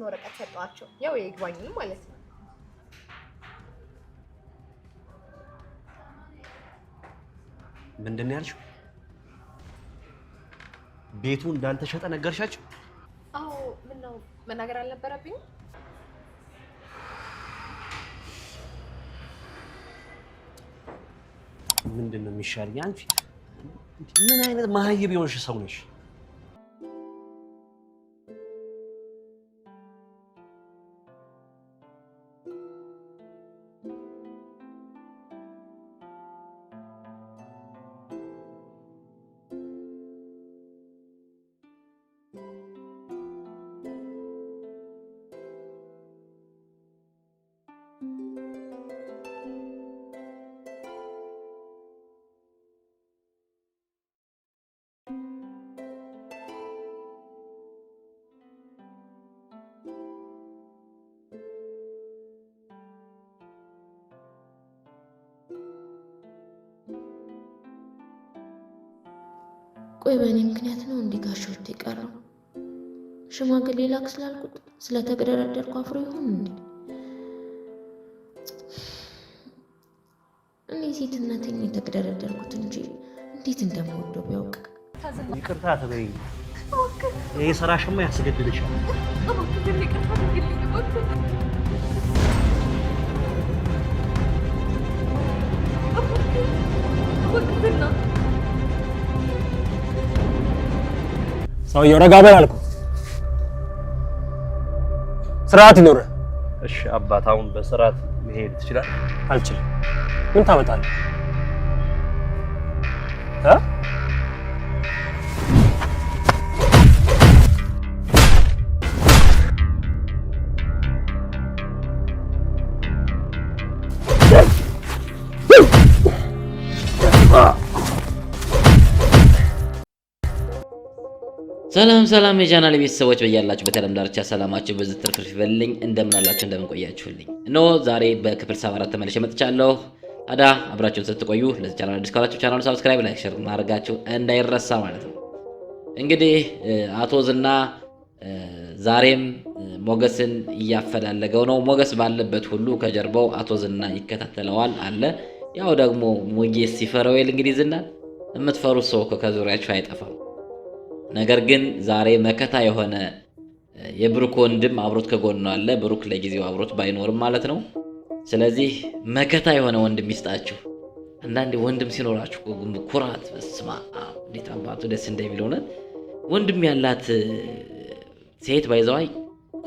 የተወሰነ ወረቀት ሰጠዋቸው። ያው የይግባኝ ማለት ነው። ምንድን ነው ያልሽው? ቤቱ እንዳልተሸጠ ነገርሻቸው? አዎ። ምን ነው መናገር አልነበረብኝም? ምንድን ነው የሚሻል? አንቺ ምን አይነት መሀይብ የሆንሽ ሰው ነሽ? ቆይ በእኔ ምክንያት ነው እንዲህ ጋሾት የቀረው? ሽማግሌ ላክ ስላልኩት ስለተግደረደርኩ አፍሮ ይሆን እንዴ? እኔ ሴትነቴን የተግደረደርኩት እንጂ እንዴት እንደምወደው ቢያውቅ። ይቅርታ ተበይ፣ ይህ ስራሽማ ያስገድልሻል። ይቅርታ ሰውየው ረጋ በል አልኩህ። ስርዓት ይኖርህ። እሺ አባት፣ አሁን በስርዓት መሄድ ትችላለህ? አልችልም። ምን ታመጣለህ? ሰላም ሰላም የቻናል ቤተሰቦች በያላችሁ በተለም ዳርቻ ሰላማችሁ ብዙ ትርፍርፍ ይበልልኝ። እንደምናላችሁ እንደምንቆያችሁልኝ እኖ ዛሬ በክፍል 74 ተመልሼ መጥቻለሁ። ታዲያ አብራችሁን ስትቆዩ ለዚህ ቻናል አዲስ ካላችሁ ቻናሉ ሰብስክራይብ፣ ላይክ፣ ሼር ማድረጋችሁ እንዳይረሳ ማለት ነው። እንግዲህ አቶ ዝና ዛሬም ሞገስን እያፈላለገው ነው። ሞገስ ባለበት ሁሉ ከጀርባው አቶ ዝና ይከታተለዋል አለ። ያው ደግሞ ሞጌስ ሲፈረው ይል እንግዲህ ዝና የምትፈሩት ሰው ከዙሪያችሁ አይጠፋም። ነገር ግን ዛሬ መከታ የሆነ የብሩክ ወንድም አብሮት ከጎኑ አለ። ብሩክ ለጊዜው አብሮት ባይኖርም ማለት ነው። ስለዚህ መከታ የሆነ ወንድም ይስጣችሁ። አንዳንዴ ወንድም ሲኖራችሁ ኩራት፣ በስማ እንዴት አባቱ ደስ እንደሚል ሆነ። ወንድም ያላት ሴት ባይዘዋይ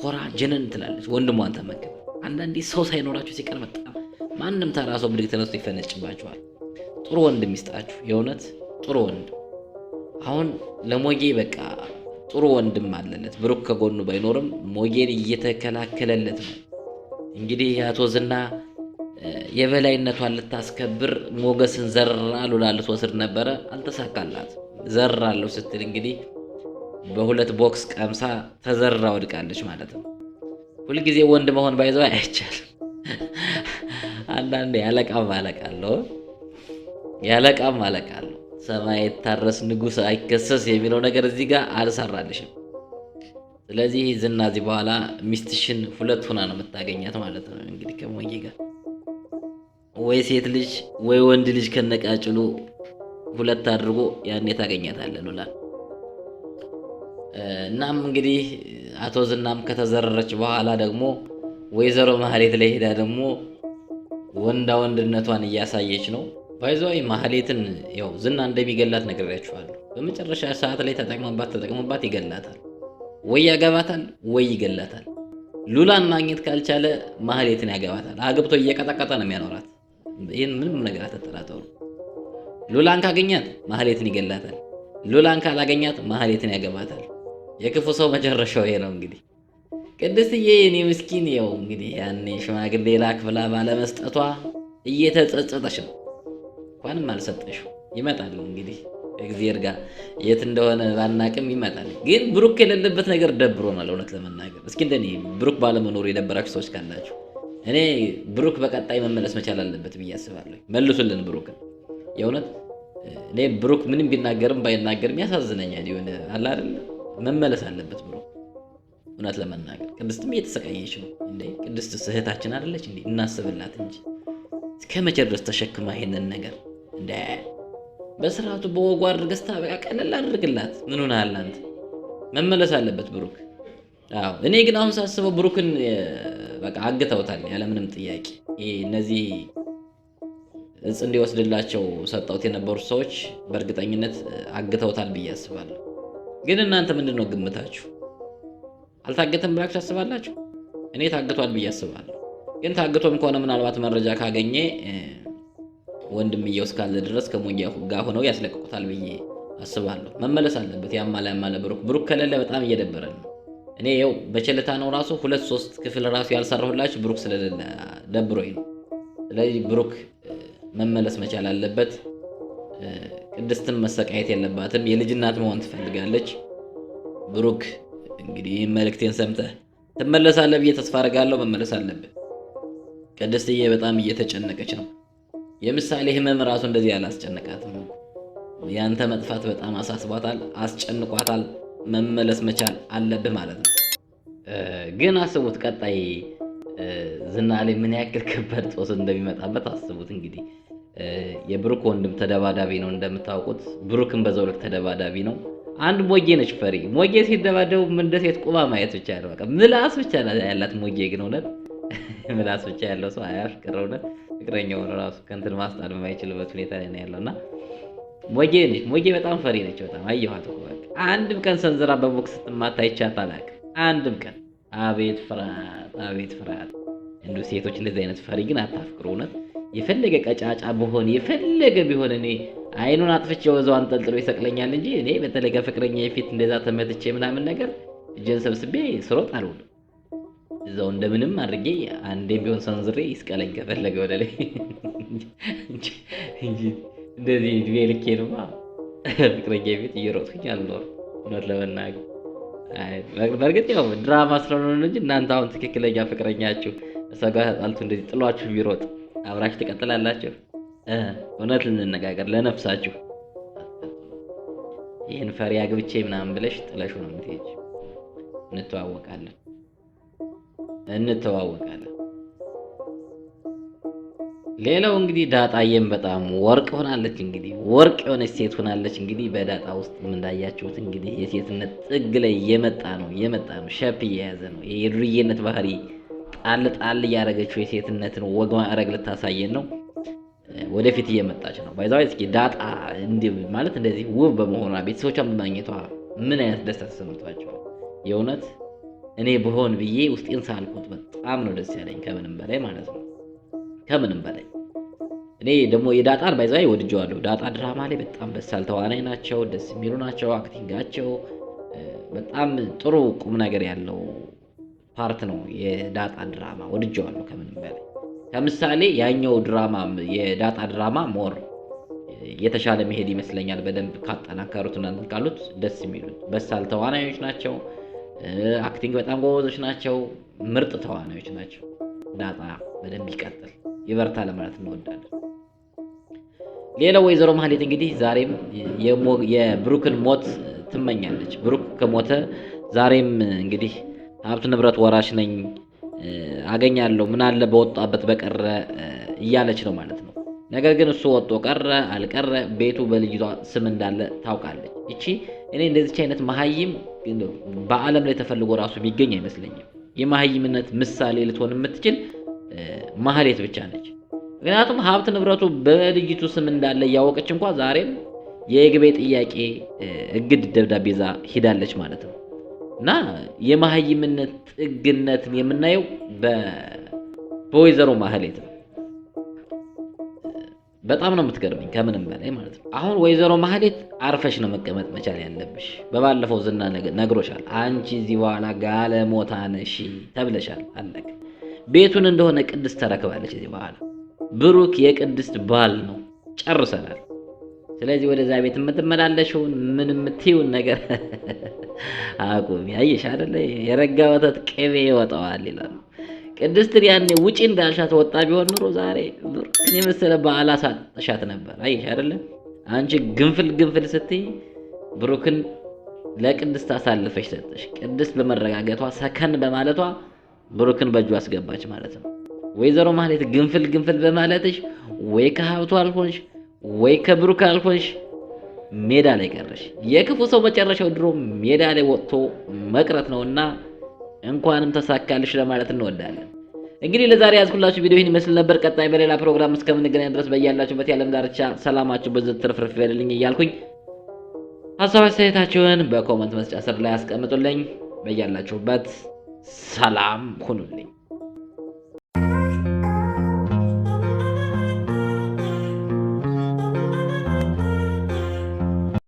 ኮራ ጀነን ትላለች፣ ወንድሟን ተመገብ። አንዳንዴ ሰው ሳይኖራችሁ ሲቀር በጣም ማንም ተራ ሰው ብድግ ተነስቶ ይፈነጭባችኋል። ጥሩ ወንድም ይስጣችሁ። የእውነት ጥሩ ወንድም አሁን ለሞጌ በቃ ጥሩ ወንድም አለለት። ብሩክ ከጎኑ ባይኖርም ሞጌን እየተከላከለለት ነው። እንግዲህ የአቶ ዝና የበላይነቷን ልታስከብር ሞገስን ዘራሉ ሉላ ወስድ ነበረ፣ አልተሳካላት። ዘራለሁ ስትል እንግዲህ በሁለት ቦክስ ቀምሳ ተዘራ ወድቃለች ማለት ነው። ሁልጊዜ ወንድ መሆን ባይዘው አይቻልም። አንዳንዴ ያለቃም አለቃለሁ ያለቃም አለቃለሁ ሰማይ የታረስ ንጉሥ አይከሰስ የሚለው ነገር እዚህ ጋር አልሰራልሽም። ስለዚህ ዝና እዚህ በኋላ ሚስትሽን ሁለት ሆና ነው የምታገኛት ማለት ነው። እንግዲህ ከሞዬ ጋር ወይ ሴት ልጅ ወይ ወንድ ልጅ ከነቃጭሉ ሁለት አድርጎ ያኔ ታገኛታለህ ኑላል። እናም እንግዲህ አቶ ዝናም ከተዘረረች በኋላ ደግሞ ወይዘሮ ማህሌት ላይ ሄዳ ደግሞ ወንዳ ወንድነቷን እያሳየች ነው። ባይዛዊ ማህሌትን ያው ዝና እንደሚገላት ነግሬያችኋለሁ። በመጨረሻ ሰዓት ላይ ተጠቅመባት ተጠቅመባት ይገላታል። ወይ ያገባታል ወይ ይገላታል። ሉላን ማግኘት ካልቻለ ማህሌትን ያገባታል። አግብቶ እየቀጠቀጠ ነው የሚያኖራት። ይህን ምንም ነገር አትጠራጠሩ። ሉላን ካገኛት ማህሌትን ይገላታል። ሉላን ካላገኛት ማህሌትን ያገባታል። የክፉ ሰው መጨረሻው ይሄ ነው እንግዲህ ቅድስትዬ እኔ ምስኪን ያው እንግዲህ ያኔ ሽማግሌ ላክፍላ ባለመስጠቷ እየተጸጸጠች ነው። እንኳንም አልሰጠሽው። ይመጣል እንግዲህ እግዚአብሔር ጋር የት እንደሆነ ባናቅም ይመጣል። ግን ብሩክ የሌለበት ነገር ደብሮናል፣ እውነት ለመናገር እስኪ እንደኔ ብሩክ ባለመኖሩ የደበራችሁ ሰዎች ካላችሁ እኔ ብሩክ በቀጣይ መመለስ መቻል አለበት ብዬ አስባለሁ። መልሱልን ብሩክን። የእውነት እኔ ብሩክ ምንም ቢናገርም ባይናገርም ያሳዝነኛል። ሆነ አለ አይደለ መመለስ አለበት ብሩክ። እውነት ለመናገር ቅድስትም እየተሰቃየች ነው። እንደ ቅድስት እህታችን አይደለች እንዴ? እናስብላት እንጂ እስከ መቼ ድረስ ተሸክማ ይሄንን ነገር በስርዓቱ በወጉ አድርገህ ስታበቃ ቀለል አድርግላት። ምን ሆነሃል አንተ? መመለስ አለበት ብሩክ። አዎ እኔ ግን አሁን ሳስበው ብሩክን በቃ አግተውታል ያለምንም ጥያቄ። ይሄ እነዚህ እጽ እንዲወስድላቸው ሰጠውት የነበሩት ሰዎች በእርግጠኝነት አግተውታል ብዬ አስባለሁ። ግን እናንተ ምንድን ነው ግምታችሁ? አልታገተም ብላችሁ ታስባላችሁ? እኔ ታግቷል ብዬ አስባለሁ። ግን ታግቶም ከሆነ ምናልባት መረጃ ካገኘ ወንድምየው እስካለ ድረስ ከሞኛ ጋር ሆነው ያስለቅቁታል ብዬ አስባለሁ። መመለስ አለበት። ያማለ ያማለ ብሩክ ብሩክ ከሌለ በጣም እየደበረ ነው። እኔ ው በቸልታ ነው ራሱ ሁለት ሶስት ክፍል ራሱ ያልሰራሁላችሁ ብሩክ ስለሌለ ደብሮኝ ነው። ስለዚህ ብሩክ መመለስ መቻል አለበት። ቅድስትም መሰቃየት የለባትም። የልጅናት መሆን ትፈልጋለች። ብሩክ እንግዲህ መልእክቴን ሰምተህ ትመለሳለህ ብዬ ተስፋ አደርጋለሁ። መመለስ አለብህ። ቅድስትዬ በጣም እየተጨነቀች ነው። የምሳሌ ህመም ራሱ እንደዚህ ያላስጨነቃትም። ያንተ መጥፋት በጣም አሳስቧታል፣ አስጨንቋታል። መመለስ መቻል አለብህ ማለት ነው። ግን አስቡት ቀጣይ ዝና ላይ ምን ያክል ከባድ ጦስ እንደሚመጣበት አስቡት። እንግዲህ የብሩክ ወንድም ተደባዳቢ ነው እንደምታውቁት፣ ብሩክም በዛው ልክ ተደባዳቢ ነው። አንድ ሞጌ ነች ፈሪ ሞጌ ሲደባደቡ እንደ ሴት ቁባ ማየት ብቻ ነው በቃ። ምላስ ብቻ ያላት ሞጌ ግን እውነት ምላስ ብቻ ያለው ሰው አያፍቅር እውነት ፍቅረኛው ነው ራሱ ከእንትን ማስጣል የማይችልበት ሁኔታ ላይ ነው ያለው እና ሞጌ ነች። ሞጌ በጣም ፈሪ ነች። በጣም አየኋት እኮ በቃ አንድም ቀን ሰንዝራ በቦክስ ስትማታ አይቻት አላውቅም። አንድም ቀን አቤት ፍርሃት፣ አቤት ፍርሃት። እንዱ ሴቶች እንደዚህ አይነት ፈሪ ግን አታፍቅሩ። እውነት የፈለገ ቀጫጫ በሆነ የፈለገ ቢሆን እኔ አይኑን አጥፍቼ ወዘው አንጠልጥሎ ይሰቅለኛል እንጂ እኔ በተለይ ከፍቅረኛ የፊት እንደዛ ተመትቼ ምናምን ነገር እጄን ሰብስቤ ስሮጥ አልውልም። እዛው እንደምንም አድርጌ አንዴም ቢሆን ሰንዝሬ ይስቀለኝ ከፈለገ ወደ ላይ እንጂ እንደዚህ እድሜ ልኬንማ ፍቅረኛ ቤት እየሮጥኩኝ አልኖር። እውነት ለመናገር በእርግጥ ያው ድራማ ስለሆነ እንጂ እናንተ አሁን ትክክለኛ ፍቅረኛችሁ እሷ ጋር እንደዚህ ጥሏችሁ ቢሮጥ አብራችሁ ትቀጥላላችሁ? እውነት ልንነጋገር ለነፍሳችሁ ይህን ፈሪ አግብቼ ምናምን ብለሽ ጥለሹ ነው የምትሄጂው። እንተዋወቃለን እንተዋወቃለን። ሌላው እንግዲህ ዳጣዬም በጣም ወርቅ ሆናለች። እንግዲህ ወርቅ የሆነች ሴት ሆናለች። እንግዲህ በዳጣ ውስጥ እንዳያችሁት እንግዲህ የሴትነት ጥግ ላይ የመጣ ነው የመጣ ነው ሸፕ እየያዘ ነው የዱርዬነት ባህሪ ጣል ጣል እያደረገችው የሴትነትን ወግ ማዕረግ ልታሳየን ነው ወደፊት እየመጣች ነው። ባይዛ እስኪ ዳጣ ማለት እንደዚህ ውብ በመሆኗ ቤተሰቦቿን በማግኘቷ ምን አይነት ደስታ ተሰምቷቸው የእውነት እኔ ብሆን ብዬ ውስጤን ሳልኩት በጣም ነው ደስ ያለኝ፣ ከምንም በላይ ማለት ነው። ከምንም በላይ እኔ ደግሞ የዳጣን ባይዛይ ወድጀዋለሁ። ዳጣ ድራማ ላይ በጣም በሳል ተዋናይ ናቸው፣ ደስ የሚሉ ናቸው። አክቲንጋቸው በጣም ጥሩ ቁም ነገር ያለው ፓርት ነው የዳጣ ድራማ፣ ወድጀዋለሁ ከምንም በላይ ከምሳሌ ያኛው ድራማ የዳጣ ድራማ ሞር የተሻለ መሄድ ይመስለኛል። በደንብ ካጠናከሩት እናንተን ካሉት ደስ የሚሉት በሳል ተዋናዮች ናቸው። አክቲንግ በጣም ጎበዞች ናቸው። ምርጥ ተዋናዮች ናቸው። ዳጣ በደንብ ይቀጥል፣ ይበርታ ለማለት እንወዳለን። ሌላው ወይዘሮ ማህሌት እንግዲህ ዛሬም የብሩክን ሞት ትመኛለች። ብሩክ ከሞተ ዛሬም እንግዲህ ሀብት ንብረት ወራሽ ነኝ አገኛለሁ ምን አለ በወጣበት በቀረ እያለች ነው ማለት ነው። ነገር ግን እሱ ወጦ ቀረ አልቀረ ቤቱ በልጅቷ ስም እንዳለ ታውቃለች። ይቺ እኔ እንደዚች አይነት መሀይም በዓለም ላይ ተፈልጎ ራሱ የሚገኝ አይመስለኝም። የመሀይምነት ምሳሌ ልትሆን የምትችል ማህሌት ብቻ ነች። ምክንያቱም ሀብት ንብረቱ በልጅቱ ስም እንዳለ እያወቀች እንኳ ዛሬም የግቤ ጥያቄ እግድ ደብዳቤ ይዛ ሂዳለች ማለት ነው እና የመሀይምነት ጥግነትን የምናየው በወይዘሮ ማህሌት ነው። በጣም ነው የምትገርመኝ ከምንም በላይ ማለት ነው። አሁን ወይዘሮ ማህሌት አርፈሽ ነው መቀመጥ መቻል ያለብሽ። በባለፈው ዝና ነግሮሻል። አንቺ እዚህ በኋላ ጋለሞታ ነሽ ተብለሻል። አለቀ። ቤቱን እንደሆነ ቅድስት ተረክባለች። እዚህ በኋላ ብሩክ የቅድስት ባል ነው። ጨርሰናል። ስለዚህ ወደዛ ቤት የምትመላለሽውን ምን የምትይውን ነገር አቁሚ። አየሽ አይደለ የረጋ ወተት ቅቤ ይወጣዋል ይላሉ። ቅድስትን ያኔ ውጪ እንዳልሻት ወጣ ቢሆን ኑሮ ዛሬ እኔ መሰለ በዓል አሳጥሻት ነበር። አየሽ አይደለ? አንቺ ግንፍል ግንፍል ስትይ ብሩክን ለቅድስት አሳልፈሽ ሰጠሽ። ቅድስት በመረጋገቷ ሰከን በማለቷ ብሩክን በእጁ አስገባች ማለት ነው። ወይዘሮ ማህሌት ግንፍል ግንፍል በማለትሽ ወይ ከሀብቱ አልሆንሽ ወይ ከብሩክ አልሆንሽ ሜዳ ላይ ቀረሽ። የክፉ ሰው መጨረሻው ድሮ ሜዳ ላይ ወጥቶ መቅረት ነውና እንኳንም ተሳካልሽ ለማለት እንወዳለን። እንግዲህ ለዛሬ ያዝኩላችሁ ቪዲዮ ይህን ይመስል ነበር። ቀጣይ በሌላ ፕሮግራም እስከምንገናኝ ድረስ በያላችሁበት የዓለም ዳርቻ ሰላማችሁ በዘት ትርፍርፍ ይበልልኝ እያልኩኝ ሀሳብ አስተያየታችሁን በኮመንት መስጫ ስር ላይ አስቀምጡልኝ። በያላችሁበት ሰላም ሁኑልኝ።